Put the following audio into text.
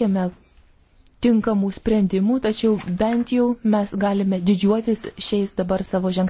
pasiekėme tinkamų sprendimų, tačiau bent jau mes galime didžiuotis šiais dabar savo žingsniais.